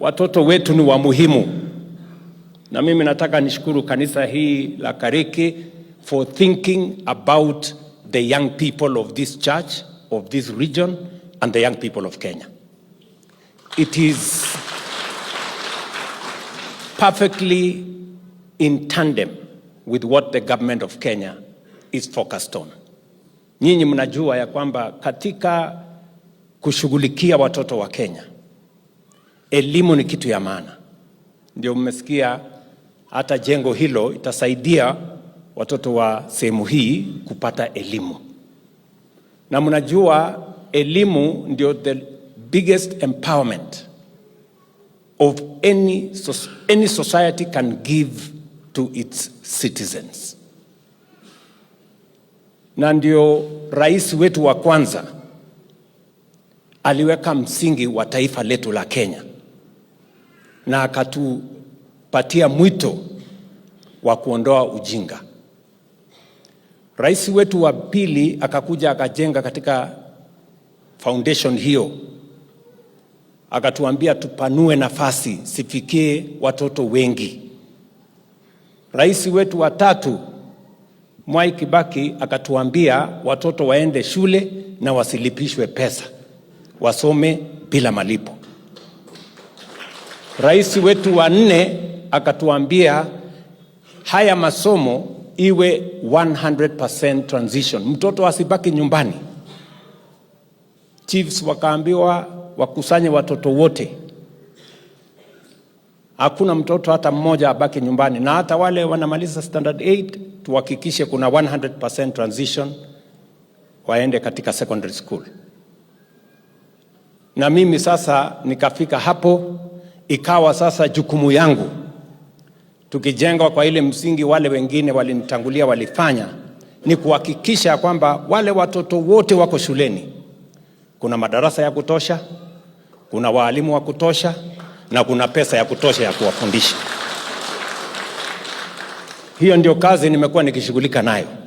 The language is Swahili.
watoto wetu ni wa muhimu, na mimi nataka nishukuru kanisa hii la Kariki for thinking about the young people of this church of this region and the young people of Kenya. It is perfectly in tandem with what the government of Kenya is focused on. Nyinyi mnajua ya kwamba katika kushughulikia watoto wa Kenya Elimu ni kitu ya maana, ndio mmesikia hata jengo hilo itasaidia watoto wa sehemu hii kupata elimu, na mnajua elimu ndio the biggest empowerment of any, any society can give to its citizens. Na ndio rais wetu wa kwanza aliweka msingi wa taifa letu la Kenya na akatupatia mwito wa kuondoa ujinga. Rais wetu wa pili akakuja akajenga katika foundation hiyo, akatuambia tupanue nafasi, sifikie watoto wengi. Rais wetu wa tatu Mwai Kibaki akatuambia watoto waende shule na wasilipishwe pesa, wasome bila malipo. Rais wetu wa nne akatuambia haya masomo iwe 100% transition, mtoto asibaki nyumbani. Chiefs wakaambiwa wakusanye watoto wote, hakuna mtoto hata mmoja abaki nyumbani, na hata wale wanamaliza standard 8 tuhakikishe kuna 100% transition waende katika secondary school. Na mimi sasa nikafika hapo ikawa sasa jukumu yangu, tukijengwa kwa ile msingi wale wengine walinitangulia walifanya, ni kuhakikisha kwamba wale watoto wote wako shuleni, kuna madarasa ya kutosha, kuna waalimu wa kutosha, na kuna pesa ya kutosha ya kuwafundisha. Hiyo ndio kazi nimekuwa nikishughulika nayo.